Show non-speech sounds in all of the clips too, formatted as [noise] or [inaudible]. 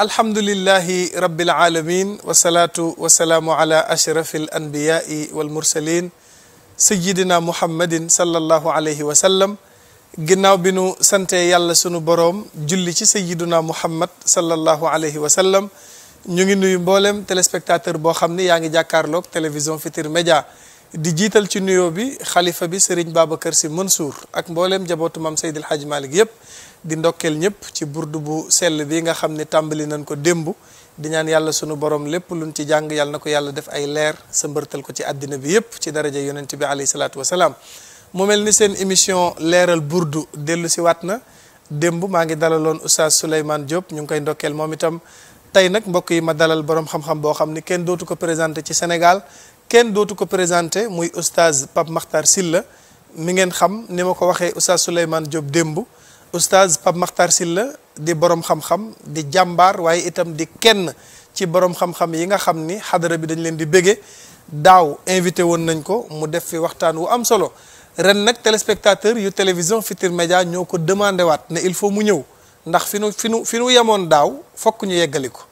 alhamdulillahi rabbil alamin wasalaatu wasalaamu ala ashrafi al anbiyai wal mursalin sayidina muhammadin sallallahu alayhi wa sallam ginnaaw bi nu sante yàlla sunu borom julli ci sayiduna muhammad sallallahu alayhi wa sallam ñu ngi nuyu mboolem téléspectateur boo xam ne yaa ngi jàkkaarloog télévision Futurs Médias di jiital ci nuyoo bi xalifa bi Serigne Babacar Sy Mansour ak mboolem jabootu maam Seydil Hadj Malick yëpp di ndokkeel ñëpp ci burdu bu sell bi nga xam ne tàmbali nañ ko démb di ñaan yàlla sunu borom lépp lu luñ ci jàng yàlla na ko yàlla def ay leer sa mbërtal ko ci àddina bi yëpp ci daraja yonent bi alayhi salaatu wasalaam mu mel ni seen émission leeral burdu dellu si waat na démb maa ngi dalaloon oustaz Souleymane Diop ñu ngi koy ndokkeel moom itam tey nag mbokk yi ma dalal borom xam-xam boo xam ni kenn dootu ko présenté ci senegal kenn dootu ko présenté muy oustaz Pape Makhtar Sylla mi ngeen xam ni ma ko waxee oustaz Souleymane Diop démb oustaz Pape Makhtar Sylla di borom xam-xam di jàmbaar waaye itam di kenn ci borom xam-xam yi nga xam ni xadara bi dañ leen di bége daaw invité woon nañ ko mu def fi waxtaan wu am solo ren nag téléspectateur yu télévision Futurs Médias ñoo ko demandé waat ne il faut mu ñëw ndax fi nu fi nu fi nu yemoon daaw fokk ñu yeggali ko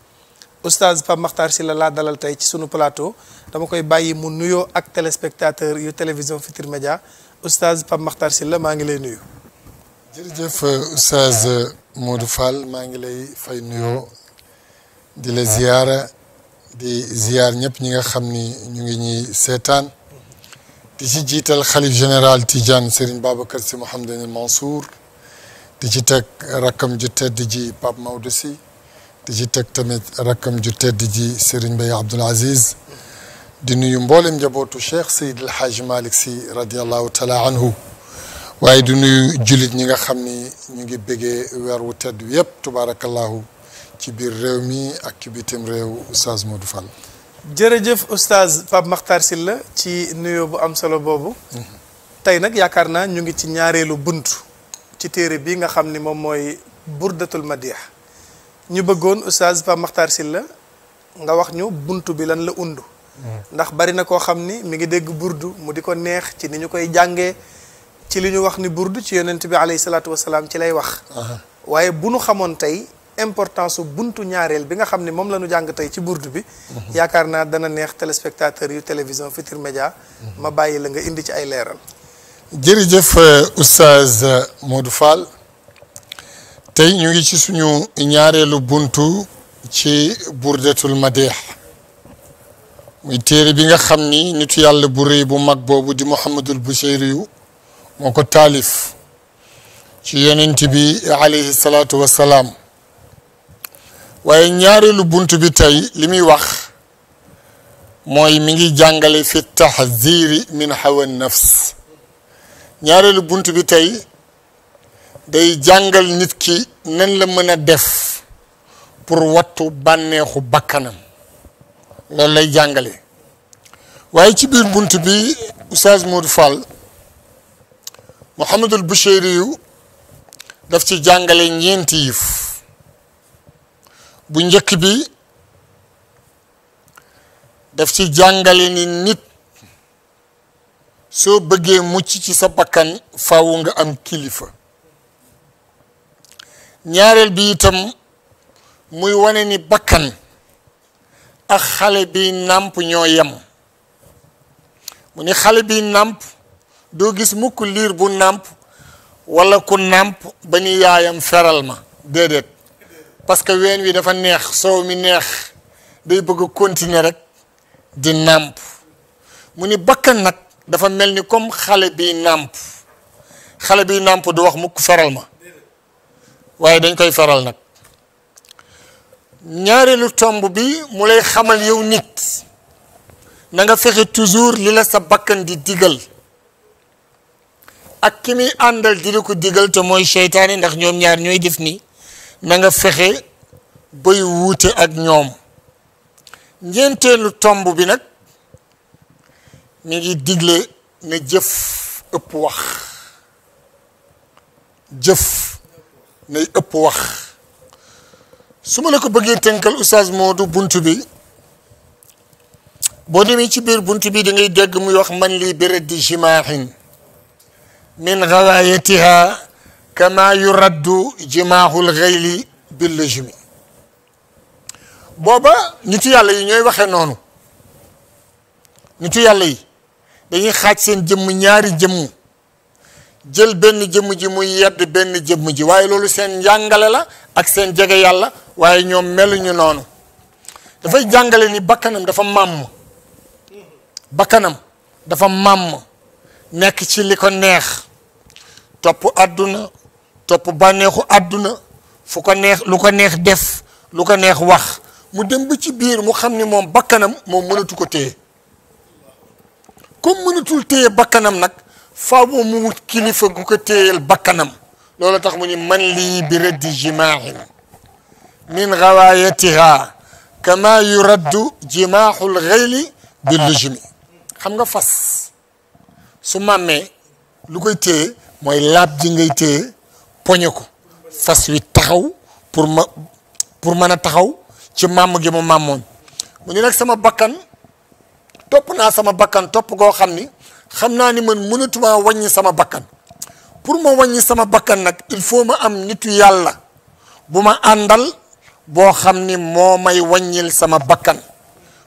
oustaz Pape Makhtar Sylla laa dalal tey ci suñu plateau dama koy bàyyi mu nuyoo ak téléspectateur yu télévision Futurs Médias oustaz Pape Makhtar Sylla maa ngi lay nuyu. jërëjëf Oustaz Modou Fall maa ngi lay fay nuyoo di la ziyaara di ziyaar ñëpp ñi nga xam ni ñu ngi ñuy seetaan di ci jiital xalif général Tidiane Serigne Babacar Sy Mouhamadou Mansour di ci teg rakkam ju tedd ji Pape Maodo Sy di ci teg tamit rakkam ju tedd ji Serigne Baye Abdoul Aziz di nuyu mboolem njabootu Cheikh Seydil Hadj Malick Sy radiallahu taala anhu waaye du nuyu jullit ñi nga xam ni ñu ngi bëggee weer wu tedd yëpp tubaarakallaahu ci biir réew mi ak ci bitim réew oustaz Modou Fall. jërëjëf oustaz Pape Makhtar Sylla ci nuyoo bu am solo boobu. Mhm. tey nag yaakaar naa ñu ngi ci ñaareelu bunt ci téere bi nga xam ni moom mooy burdatul madiix ñu bëggoon oustaz Pape Makhtar Sylla nga wax ñu bunt bi lan la undu mhm. ndax bari na koo xam ni mi ngi dégg burdu mu di ko neex ci ni ñu koy jàngee. ci li ñu wax ni burdu ci yonent bi alayhi salaatu wasalaam ci lay wax waaye bu nu xamoon tey importance su buntu ñaareel bi nga xam ne moom la ñu jàng tey ci burdu bi mhm. yaakaar naa dana neex téléspectateurs yu télévision Futurs Médias mhm. ma bàyyi la nga indi ci ay leeral jërëjëf euh, euh, moo du Fall tey ñu ngi ci suñu ñaareelu buntu ci burdatul madih muy téere bi nga xam ni nitu yàlla bu rëy bu mag boobu di Mouhamadul Buseyri yu moo ko taalif ci yonent bi alayhi salaatu salaam waaye ñaareelu bunt bi tey li muy wax mooy mi ngi jàngale fi taxdiri min hawa nafs ñaareelu bunt bi tey day jàngal nit ki nan la mën a def pour wattu bànneexu bakkanam loolu lay jàngale waaye ci biir bunt bi Oustaz Modou Fall Mouhamadul Busheeri yu daf ci jàngale ñeenti yëf bu njëkk bi daf ci jàngale ni nit soo bëggee mucc ci sa bakkan faaw nga am kilifa ñaareel bi itam muy wane ni bakkan ak xale bi nàmp ñoo yem mu ni xale bi nàmp doo gis mukk liir bu nàmp walla ku nàmp ba ñu yaayam feral ma déedéet parce que ween wi dafa neex soow mi neex day bëgg continuer rek di nàmp mu ni bakkan nag dafa mel ni comme xale bi nàmp xale bi nàmp du wax mukk feral ma waaye dañ koy feral nag ñaareelu tomb bi mu lay xamal yow nit na nga fexe toujours li la sa bakkan di digal ak ki muy àndal di la ko digal te mooy seytaane ndax ñoom ñaar ñooy def nii na nga fexe bay wuute ak ñoom ñeenteelu tomb bi nag mi ngi digle na jëf ëpp wax jëf nay ëpp wax su ma la ko bëggee tënkal oustaz du bunt bi boo demee ci biir bunt bi da ngay dégg muy wax man lii béréb di jimaaxin min galayatiha kama yuraddu jimaahul xayli billujumi booba nitu yàlla yi ñooy waxee noonu nitu yàlla yi dañuy xaaj seen jëmm ñaari jëmm jël benn jëmm ji mu yedd benn jëmm ji waaye loolu seen njàngale la ak seen jege yàlla waaye ñoom meluñu noonu dafay jàngale ni bakkanam dafa màmm bakkanam dafa màmm nekk ci li ko neex topp àdduna topp bànneexu àdduna fu ko neex lu ko neex def lu ko neex wax mu dem ba ci biir mu xam ni moom bakkanam moom mënatu ko téye comme mënatul téye bakkanam nag faaw mu wut kilifa gu ko téyeel bakkanam loolu tax mu ni man lii bi rëddi jimaahin min gawaayatiha kama yuraddu jimaahul xayli bi lujmi xam nga fas su màmmee lu koy téye mooy laab ji ngay téye poñe ko fas wi taxaw pour ma pour mën a taxaw ci màmm gi mu màmmoon mu ne nag sama bakkan topp naa sama bakkan topp goo xam ni xam naa ni man mënatumaa wàññi sama bakkan pour ma waññi sama bakkan nag il faut ma am nitu yàlla bu ma àndal boo xam ni moo may wàññil sama bakkan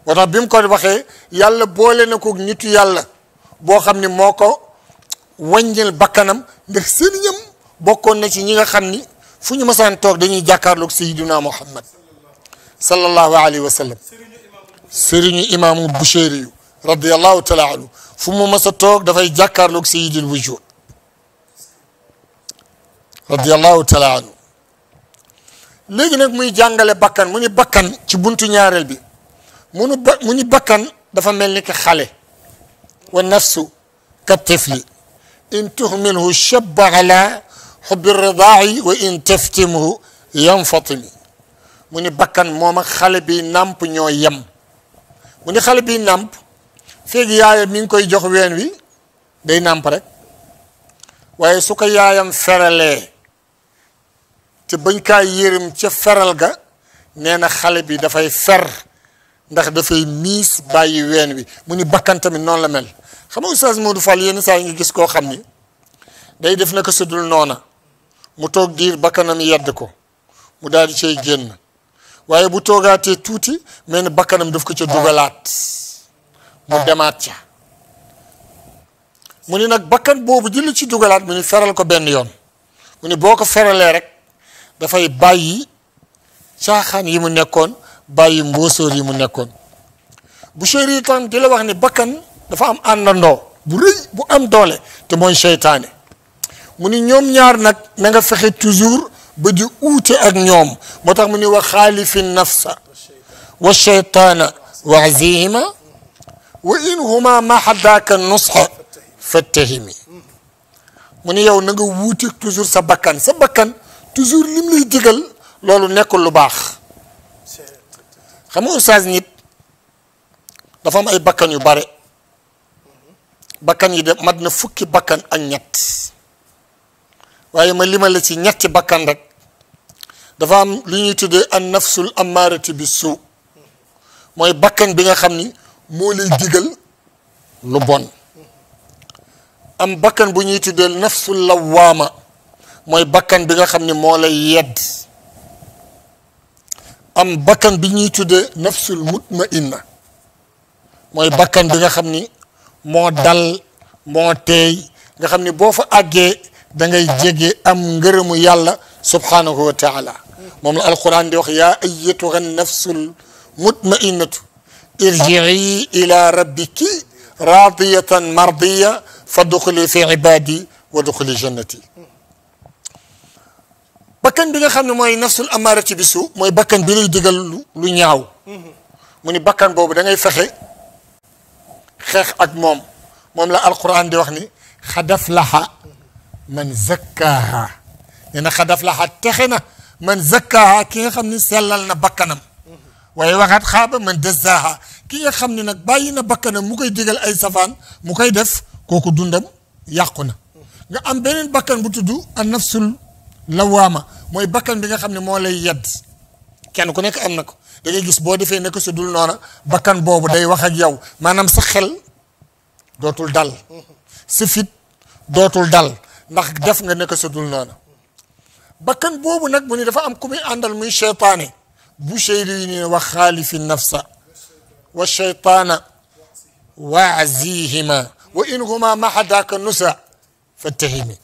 moo tax bi mu ko waxee yàlla boole na ko nitu yàlla boo xam ni moo ko waññil bakkanam ndax sëriñam bokkoon na ci ñi nga xam ni fu ñu masaan toog dañuy jàkkaarloog sayyiduna muhammad sallallahu alayhi wa sallam sëriñu imaamu Bushayri yu radiallahu taala anhu fu mu mas a toog dafay jàkkaarloog sayyidul wujud radiallahu taala anhu léegi nag muy jàngale bakkan mu ni bakkan ci buntu ñaareel bi mu ni bakkan dafa mel ni ki xale wa nafsu ka tifli in tuhmilhu shabba ala xubbi ridaa'i wa in taftimhu yanfatimi mu ni bakkan moom ak xale bi nàmp ñoo yem mu ni xale bi nàmp feeg yaayam mi ngi koy jox ween wi day nàmp rek waaye su ko yaayam feralee te bañ kaa yërëm ca feral ga nee na xale bi dafay fer ndax dafay miis bàyyi ween wi mu ni bakkan tamit noonu la mel xam nga oustaz Modou Fall yenn saa yi nga gis koo xam ni day def naka su dul noona mu toog diir bakkanam yedd ko mu daal di cay génn waaye bu toogaatee tuuti mel bakkanam daf ko ca ah. dugalaat mu ah. demaat ca mu ni nag bakkan boobu ji ci dugalaat mu ni feral ko benn yoon mu ne boo ko feralee rek dafay bàyyi caaxaan yi mu nekkoon bàyyi mbóosóor yi mu nekkoon bu seytaan di la wax ni bakkan dafa am àndandoo bu rëy bu am doole te mooy seytaane mu ni ñoom ñaar nag na nga fexe toujours ba di uute ak ñoom moo tax mu ni wa xaalifi nafsa wa seytaana wa azihima wa in huma ma xaddaaka nusxa fattahimi mu ni yow naga nga wuute toujours sa bakkan sa bakkan toujours lim lay digal loolu nekkul lu baax xam nga oustaz nit dafa am ay bakkan yu bare bakkan yi de mat na fukki bakkan ak ñett waaye ma limal la ci ñetti bakkan rek dafa am lu ñuy tuddee an nafsul amaarati bi suu mooy bakkan bi nga xam ni moo lay digal lu bon am bakkan bu ñuy tuddee nafsul lawaama mooy bakkan bi nga xam ni moo yedd am bakkan bi ñuy tuddee nafsul mutmainna mooy bakkan bi nga xam ni moo dal moo teey nga xam ne boo fa àggee da ngay jege am ngërëmu yàlla subhanahu wa taala moom la alquran di wax yaa ayatuha nafsul mutmainnatu irjii ila rabbiki raadiyatan mardiya fa duxuli fi ibadi wa duxuli jannati bakkan bi nga xam ne mooy nafsul amaarati bi mooy bakkan bi lay lu ñaaw mu ni bakkan boobu da fexe xeex ak moom moom la alquran di wax ni xadaf laxa man zakkaaha nee na xadaf laxa texe na man zakkaaha ki nga xam ne sellal na bakkanam waaye waxaat xaaba man desaaha ki nga xam ne nag bàyyi na bakkanam mu koy digal ay safaan mu koy def kooku dundam yàqu na am beneen bakkan bu tudd an nafsul lawaama mooy bakkan bi nga xam ne moo lay kenn ku nekk am na ko da gis boo defee nekk su dul noona bakkan boobu day wax ak yow maanaam sa xel dootul dal sa dootul dal ndax def nga nekk su dul noona bakkan boobu nag mu ni dafa am ku muy àndal muy cheytaane bu cheyri yi ne wa xaalifi nafsa wa cheytaana waazihima wa in huma mahadaka nusa fattahimi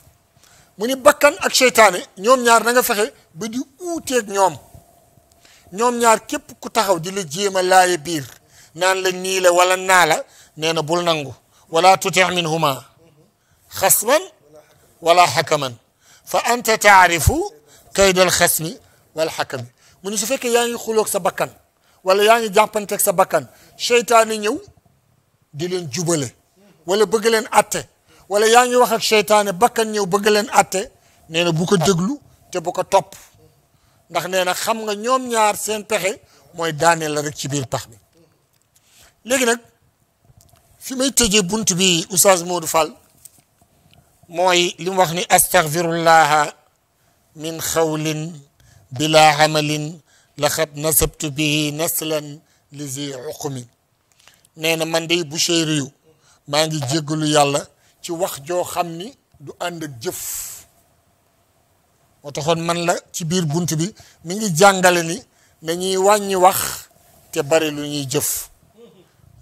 mu ni bakkan ak cheytaane ñoom ñaar na fexe ba di uuteeg ñoom ñoom ñaar képp ku taxaw di la jéem a laaye biir naan la nii la wala naa la nee na bul nangu wala tuti minhuma xasman wala xakaman fa anta taarifu kaydal xasmi wala xakami mu ni su fekkee yaa ngi xuloog sa bakkan wala yaa ngi jàppanteeg sa bakkan seytaane ñëw di leen jubale wala bëgg leen atte wala yaa ngi wax ak seytaane bakkan ñëw bëgg leen atte nee na bu ko déglu te bu ko topp ndax nee na xam nga ñoom ñaar seen pexe mooy daaneel la ci biir pax bi léegi nag fi may tëjee bunt bi Oustaz Modou Fall mooy li wax ni astaghfirullaha min xawlin bila amalin laxad nasabtu bihi naslan lizi uqumi nee na man day Buseyri yu maa ngi jéggalu yàlla ci wax joo xam ni du ànd jëf moo taxoon man la ci biir bunt bi mi ngi jàngale ni nañuy wàññi wax te bari lu ñuy jëf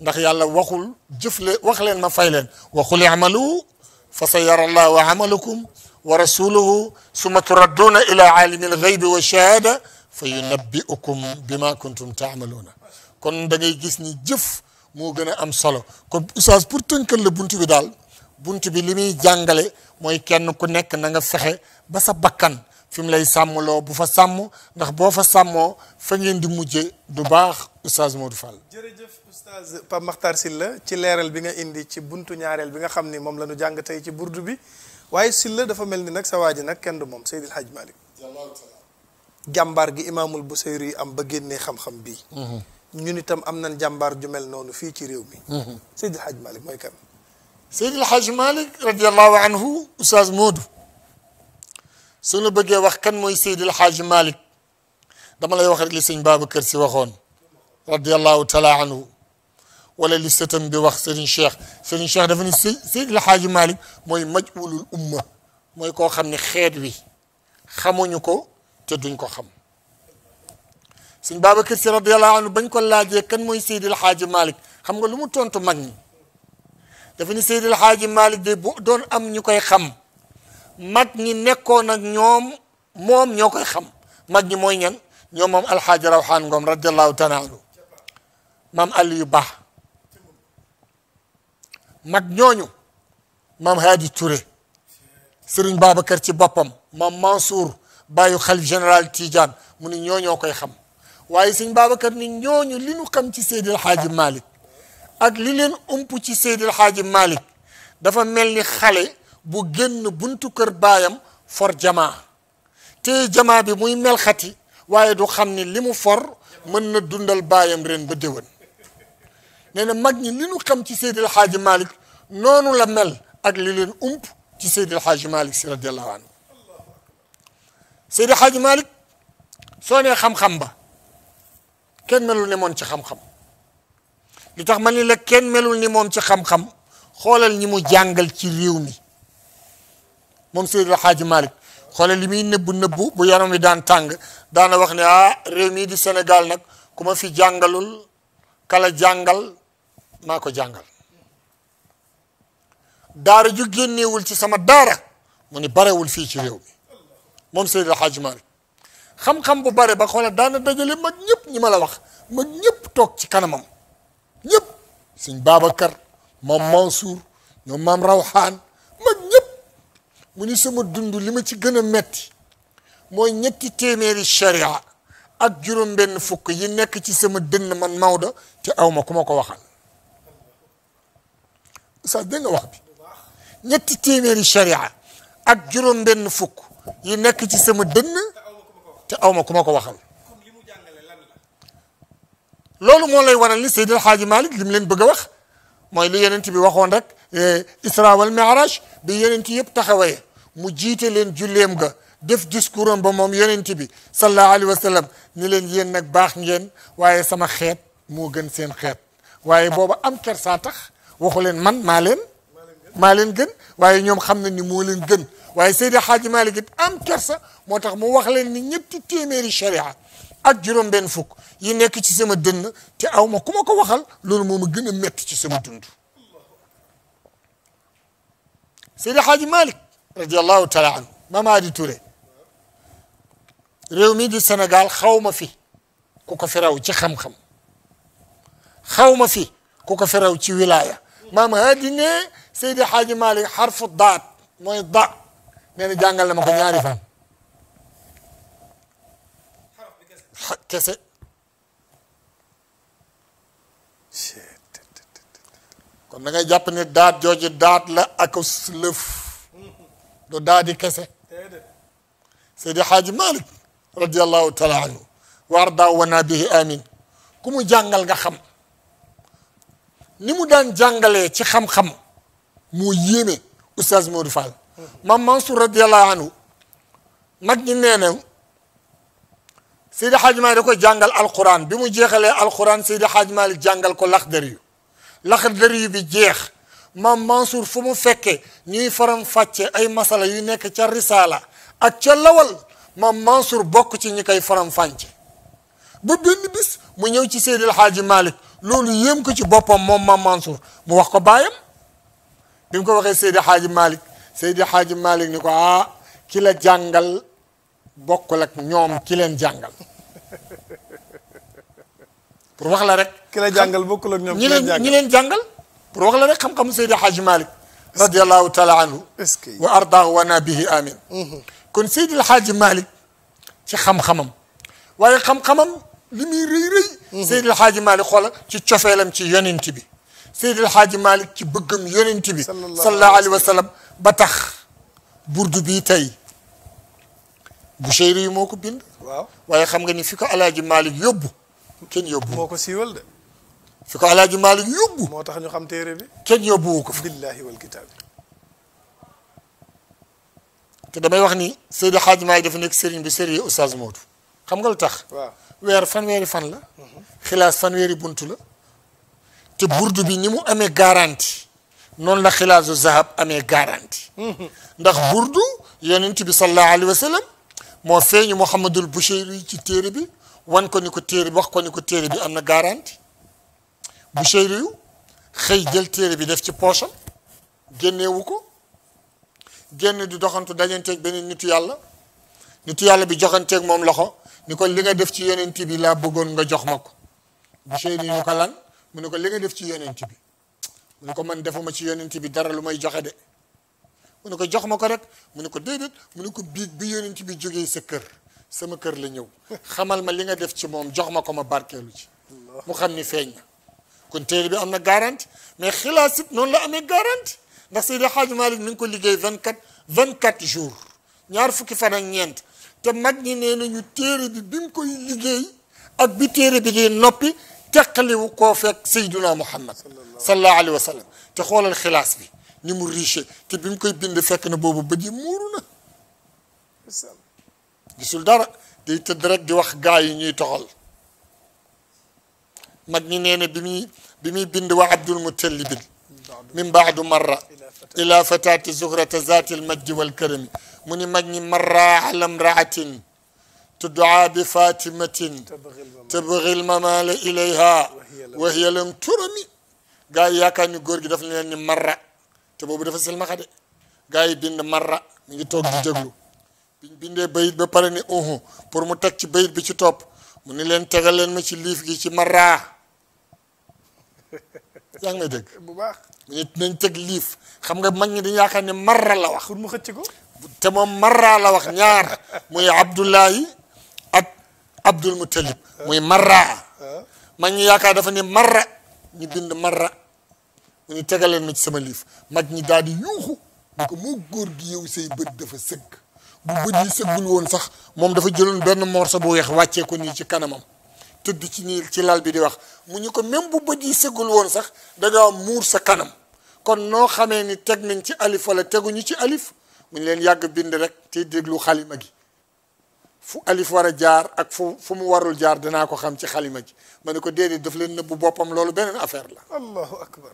ndax yàlla waxul jëf le wax leen ma fay leen waxul i'malu fa sa yara allahu amalakum wa rasuluhu summa turadduuna ila alimi alxaybi wa shahaada fa yunabbiukum bima kuntum taamaluuna kon da ngay gis ni jëf moo gën a am solo kon oustaz pour tënkal la bunt bi daal bunt bi li muy jàngale mooy kenn ku nekk na nga fexe ba sa bakkan fi mu lay sàmmloo bu fa sàmm ndax boo fa sàmmoo fa ngeen di mujje du baax oustaz Modou Fall. jërëjëf oustaz Pape Makhtar Sylla ci leeral bi nga indi ci buntu ñaareel bi nga xam ni moom la ñu ci burdu bi waaye Sylla dafa mel ni nag sa waa nag kenn du moom Seydil Hadj Malick jàmbaar gi imaamul Busayri yi am ba génnee xam-xam bii. Mhm. itam am nañ jàmbaar ju mel noonu fii ci réew mi. Mhm. Seydil Hadj Malick mooy kan. suñu bëggee wax kan mooy Seydil Xaaji Malik dama lay wax li sëñ Babacar Si waxoon radiallahu taala anhu wala li sëtam bi wax Serigne Cheikh Serigne Cheikh dafa ni Seydil Xaaji Malik mooy majulul umma mooy koo xam ni xeet wi xamuñu ko te duñ ko xam sëñ Babacar Si radiallahu anhu bañ ko laajee kan mooy Seydil Xaaji Malik xam nga lu mu tontu mag ñi dafa ni Seydil Xaaji Malik de bu doon am ñu koy xam mag ñi nekkoon ak ñoom moom ñoo koy xam mag ñi mooy ñan ñoom moom alxaaji rawxaan ngoom radiallahu taala mam maam yu baax mag ñooñu maam Hadi Touré Serigne Babacar ci boppam maam Mansour bàyyu xalif général Tidiane mu ni ñooñoo koy xam waaye Serigne Babacar ni ñooñu li ñu xam ci Seydil Hadji Malick ak li leen ump ci Seydil Hadji Malick dafa mel ni xale bu génn buntu kër baayam for jamaa te jamaa bi muy melxati waaye du xam ni limu for mën na dundal baayam ren ba déwén nee na mag ñi li ñu xam ci Seydil Hadji Malick noonu la mel ak li leen ump ci Seydil Hadji Malick si radiallahu anhu Seydil Hadji Malick soo nee xam-xam ba kenn melul ni moom ci xam-xam li tax ma ni la kenn melu ni moom ci xam-xam xoolal ñi mu jàngal ci réew mi moom Seydi El Hadji Malick xoole li muy nëbbu nëbbu bu yaram wi daan tàng daana wax ne ah réew mii di Sénégal nag ku ma fi jàngalul kala jàngal maa ko jàngal daara ju génneewul ci sama daara mu ni barewul fii ci réew mi moom Seydi El Hadji Malick xam-xam bu bare ba xoolal daana dajale mag ñëpp ñi ma la wax mag ñëpp toog ci kanamam ñëpp sëñ Babacar moom Mansour ñoom maam Rawxaan mu ni sama dund li ma ci gën a metti mooy ñetti téeméeri sharia ak juróom benn fukk yi nekk ci sama dënn man Maodo te aw ma ku ma ko waxal sa dégg nga wax ak juróom benn fukk yi nekk ci sama dënn te aw ma ku ma ko waxal loolu moo lay waral ni Seydi El Hadji Malick li mu leen bëgg wax mooy li yonent bi waxoon rek eh, Isra wal Mi'raj bi yonent yëpp taxawee mu jiite leen julleem ga def discours am ba moom yonent bi sallallahu alayhi wa ni leen yéen nag baax ngeen waaye sama xeet moo gën seen xeet waaye booba am kersaa tax waxu leen man maa leen maa leen gën waaye ñoom xam nañ ni moo leen gën waaye Seydi Hadji Malick it am kersa moo tax mu wax leen ni ñetti téeméeri sharia ak juróom-benn fukk yi nekk ci sama dënn te aw ma ku ko waxal loolu moo ma gën a métti ci sama dund Seydi Hadji Malick radiallahu taala anhu réew mi di senegal xaw ma fi ku ko fi raw ci xam-xam xaw ma fi ku ko fi raw ci wilaya Mamady ne Seydi Xaaji Malik xarfu daat mooy da nee na jàngal ma ko ñaari fan kese kon da ngay jàpp daat jooju daat la ak lëf du daadi kese Seydi Haaji Malik radiallahu taala anhu wa arda wana bihi amin ku mu jàngal nga xam ni mu daan jàngalee ci xam-xam moo yéeme Oustaz Modou Fall mam Mansour radiallahu anhu mag ñi nee Seydi Haaji Malik da ko jàngal alquran bi mu jeexalee alquran Seydi Haaji Malik jàngal ko Laxdari yu Laxdari yu bi jeex maam Mansour fu mu fekkee ñuy faram fàcce ay masala yu nekk ca risaala ak ca lawal maam Mansour bokk ci ñi koy faram fàcce ba benn bis mu ñëw ci Seydil Hadji Malick loolu yéem ko ci boppam moom maam Mansour mu wax ko baayam bi mu ko waxee Seydil Hadji Malick Seydil Hadji Malick ni ko ah ki la jàngal bokkul ñoom ki leen jàngal [laughs] pour wax la rek. ki la jàngal bokkul ak ñoom ki leen ñi leen jàngal. pour wax la rek xam-xamu Seydi Hadji Malick radiallahu taala anhu wa ardaahu wa na bihi amin kon Seydi Hadji Malick ci xam-xamam waaye xam-xamam li muy rëy rëy Seydi Hadji Malick xoola ci cofeelam ci yonent bi Seydi Hadji Malick ci bëggam yonent bi sallallahu alayhi wa sallam ba tax burdu bii tey Buseyri yi moo ko bind waaw waaye xam nga ni fi ko alaaji Malick yóbbu kenn yóbbu moo ko siiwal de fi ko alaaji Maalik yóbbu. moo tax ñu xam téere bi. kenn yóbbuwu ko fa. billaahi wal kitaab te damay wax ni Seydi Xaaji Maalik dafa nekk sëriñ bi sëriñ Oustaz Modou xam nga lu tax. waaw weer fanweeri fan la. xilaas fanweeri bunt la. te burdu bi ni mu amee garanti noonu la xilaasu zahab amee garanti. ndax burdu yonent bi sallallahu alayhi wa sallam moo feeñu Mouhamadul Boucheyri ci téere bi wan ko ni ko téere bi wax ko ni ko téere bi am na garanti. Buseyri yu xëy jël téere bi def ci poosam génneewu ko génn di doxantu dajanteeg beneen nitu yàlla nitu yàlla bi joxanteeg moom loxo ni ko li nga def ci yonent bi laa bëggoon nga jox ma ko Buseyri ñu ko mu ne ko li def ci yonent bi mu ne ko man defuma ci yonent bi dara lu may joxe de mu ne ko jox ma ko rek mu ne ko déedéet mu ne ko biig bi yonent bi jógee sa kër sama kër la ñëw xamal ma li nga def ci moom jox ma ko ma barkeelu ci mu xam ni feeñ na kon téere bi am na garanti mais xilaas it noonu la amee garanti ndax Seydi Hadj Malick mi ngi ko liggéey vingt quatre vingt quatre jours ñaar fukki fan ak ñeent te mag ñi nee nañu téere bi bi mu koy liggéey ak bi téere bi di noppi teqaliwu koo fekk Seydina Muhammad so alayhi wa sallam te xoolal xilaas bi ni mu riche te bi mu koy bind fekk na boobu bët yi muuru na gisul dara day tëdd rek di wax gaa yi ñuy toxal mag ñi nee na bi muy bi muy bind wa abdul mutallibin min baadu marra ila fatati zuhrata zati almajdi walkarami mu ni mag ñi marra ala mraatin tuddaa bi fatimatin tabghi almamala ilayha wa hiya lam turami gaa yi yaakaar ni góor gi daf leen ni marra te boobu dafa silmaxa de gaa yi bind marra mi ngi toog di déglu bind bindee bayit ba pare uhu pour mu teg ci bayit bi ci topp mu ni leen tegal leen ma ci liif gi ci marra yaa ngi may dégg. bu baax nit nañ teg liif xam nga mag ñi dañu yaakaar ne marra la wax. pour mu xëcc ko. te moom marra la wax ñaar muy Abdullahi ak Abdul Muttalib muy marra. mag ñi yaakaar dafa ne marra ñu bind mara mu ñu tegaleen ma ci sama liif mag ñi daal di yuuxu. parce que moo góor gi yow say bët dafa sëgg bu bët yi sëggul woon sax moom dafa jëloon benn morceau bu weex wàcceeku ko nii ci kanamam. tëdd ci nii ci lal bi di wax mu ñu ko même bu bët yi sëggul woon sax da nga muur sa kanam kon noo xamee ni teg nañ ci alif wala teguñu ci alif mu ñu leen yàgg bind rek te déglu xalima gi fu alif war a jaar ak fu fu mu warul jaar danaa ko xam ci xalima ji ma ne ko de daf leen nëbbu boppam loolu beneen affaire la. allahu akbar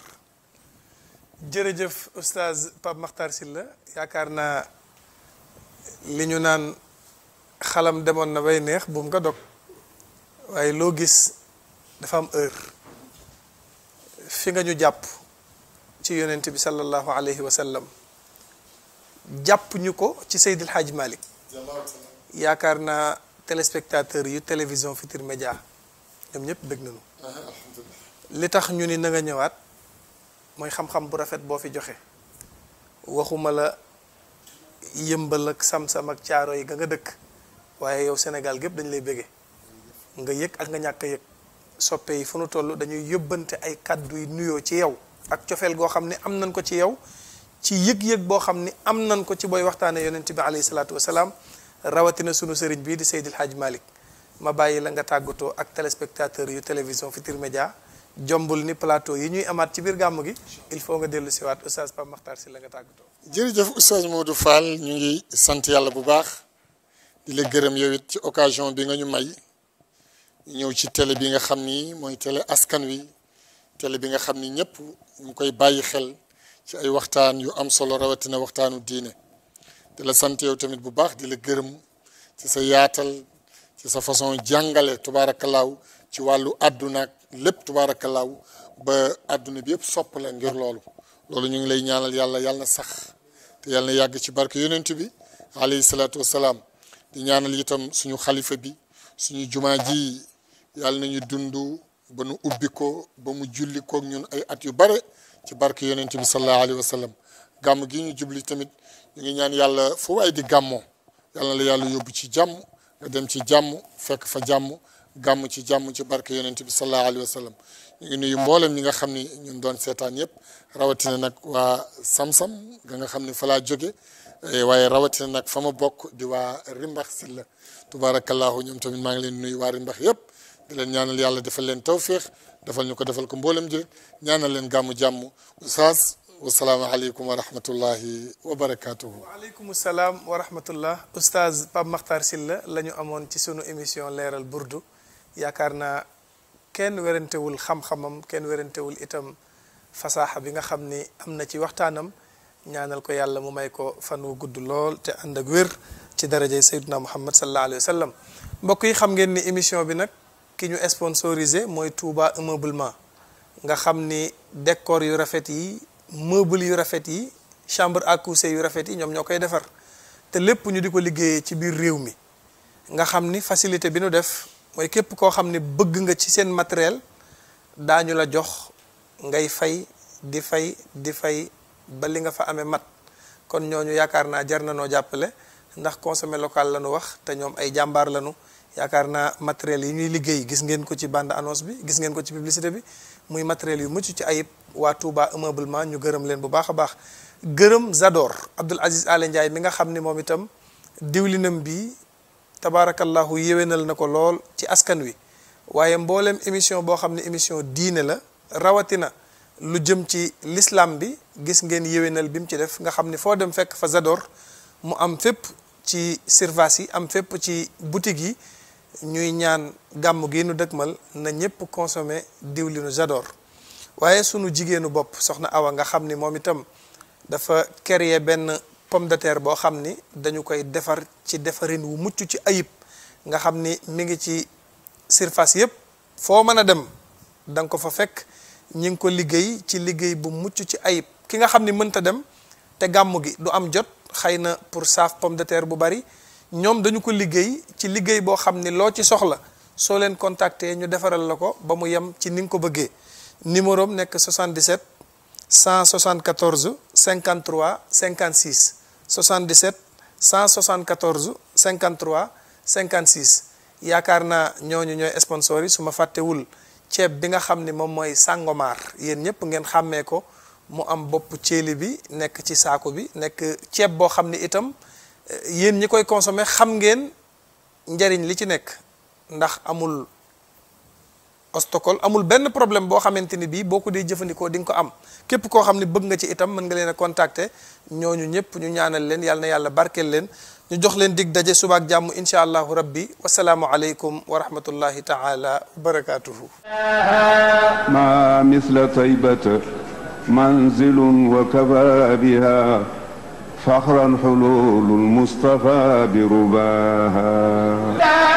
jërëjëf oustaz Pape Makhtar Sylla yaakaar naa li ñu naan xalam demoon na bay neex buum nga dog. waaye loo gis dafa am heure fi nga ñu jàpp ci yonent bi sallallahu alayhi wa sallam jàpp ñu ko ci Seydil Hadj Malick yaakaar naa téléspectateur yu télévision fitir Médias ñoom ñëpp bëgg nañu li tax ñu ni nanga ñëwaat mooy xam-xam bu rafet boo fi joxe waxuma la yëmbal ak sam-sam ak caaro yi ga nga dëkk waaye yow Sénégal gépp dañ lay bëggee nga yëg ak nga ñàkk a yëg soppe yi fu nu toll dañuy yóbbante ay kàddu yu nuyoo ci yow ak cofeel goo xam ne am nañ ko ci yow ci yëg-yëg boo xam ne am nañ ko ci booy waxtaanee yonent bi alayhi salaatu wasalaam rawatina sunu sëriñ bii di Seydil Hadj malik ma bàyyi la nga tàggatoo ak téléspectateurs yu télévision Futurs Médias jombul ni plateau yi ñuy amaat ci biir gàmm gi il faut nga dellu siwaat oustaz Pape maxtar si la nga tàggatoo jërëjëf oustaz Modou Fall ñu ngi sant yàlla bu baax gërëm yow ci occasion bi ñu may ñëw ci télé bi nga xam ni mooy télé askan wi télé bi nga xam ni ñëpp ñu koy bàyyi xel ci ay waxtaan yu am solo rawatina waxtaanu diine di la sant yow tamit bu baax di la gërëm ci sa yaatal ci sa façon jàngale law ci wàllu àdduna ak lépp tubaarakallaaw ba àdduna bi yëpp sopp la ngir loolu loolu ñu ngi lay ñaanal yàlla yàlla sax te yàlla yàgg ci barke yonent bi alayhi salaatu wasalaam di ñaanal itam suñu xalifa bi suñu jumaa ji yàlla nañu dund ba nu ubbi ko ba mu julli koog ñun ay at yu bare ci barke yonent bi sallallahu alayhi wa sallam gàmm gi ñu jubli tamit ñu ngi ñaan yàlla fu ay di gàmmoo yàlla la yàlla yóbbu ci jàmm nga dem ci jàmm fekk fa jàmm gàmm ci jàmm ci barke yonent bi sallallahu alayhi wa sallam ñu ngi nuyu mboolem ñi nga xam ni ñun doon seetaan yëpp rawatina nag waa Samsam ga nga xam ne falaa laa jóge eh, waaye rawatina nag fa ma bokk di waa Rimbax Silla tubaarakallaahu ñoom tamit maa ngi leen nuyu waa Rimbax yëpp di leen ñaanal yàlla defal leen tawfiix defal ñu ko defal ko mboolem ji ñaanal leen gàmmu jàmm oustaz wasalaamaaleykum wa rahmatullahi wa barakaatuhu. waaleykum salaam wa rahmatullah oustaz Pape Makhtar Sylla la ñu amoon ci sunu émission leeral burdu yaakaar naa kenn werantewul xam-xamam kenn werantewul itam fasaaxa bi nga xam ni am na ci waxtaanam ñaanal ko yàlla mu may ko fan wu gudd lool te ànd ak wér ci darajay Seydina Muhammad sallallahu alayhi wa sallam mbokk yi xam ngeen ni émission bi nag. ki ñu sponsorisé mooy Touba Ameublement nga xam ni décor yu rafet yi meuble yu rafet yi chambre à coucher yu rafet yi ñoom ñoo koy defar te lépp ñu di ko liggéeyee ci biir réew mi nga xam ni facilité bi nu def mooy képp koo xam ni bëgg nga ci seen matériel daañu la jox ngay fay di fay di fay ba li nga fa amee mat kon ñooñu yaakaar naa jar na noo jàppale ndax consommer local la ñu wax te ñoom ay jàmbaar lañu yaakaar naa matériel yi ñuy liggéey gis ngeen ko ci bande annonce bi gis ngeen ko ci publicité bi muy matériel yu mucc ci ayib waa Touba ameublement ñu gërëm leen bu baax baax gërëm Zador Abdoul Aziz Alé Ndiaye mi nga xam ni moom itam diwlinam bi tabaarakallahu yéwénal na ko lool ci askan wi waaye mbooleem émission boo xam ne émission diine la rawatina lu jëm ci l'islam bi gis ngeen yéwénal bi mu ci def nga xam ni foo dem fekk fa Zador mu am fépp ci surface yi am fépp ci boutique yi ñuy ñaan gàmm gi nu dëkkmal na ñëpp consommer diwlinu Jador waaye sunu jigéenu bopp soxna Awa nga xam ni moom itam dafa créer benn pomme de terre boo xam ni dañu koy defar ci defarin wu mucc ci ayib nga xam ni mi ngi ci surface yëpp foo mën a dem da ko fa fekk ñi ngi ko liggéey ci liggéey bu mucc ci ayib ki nga xam ni mënta dem te gàmm gi du am jot xëy na pour saaf pomme de terre bu bari ñoom dañu ko liggéey ci liggéey boo xam ni loo ci soxla soo leen contacter ñu defaral la ko ba mu yem ci ni ko bëggee numéro am nekk 77 174 53 56 77 174 53 56 yaakaar naa ñooñu ñooy sponsor yi su ma fàttewul ceeb bi nga xam ni moom mooy sàngomaar yéen ñëpp ngeen xàmmee ko mu am bopp céeli bi nekk ci saako bi nekk ceeb boo xam ni itam yéen ñi koy consommer xam ngeen njariñ li ci nekk ndax amul ostokol amul benn problème boo xamante ni bii boo ko dee jëfandikoo di nga ko am képp koo xam ne bëgg nga ci itam mën nga leen a ñooñu ñëpp ñu ñaanal leen yàlla yàlla barkeel leen ñu jox leen dig daje subaak jàmm incha allah rabbi wasalaamu aleykum wa rahmatullahi taala wa barakatuhu ma misla taybata manzilun wa kafa biha فخرا حلول المصطفى برباها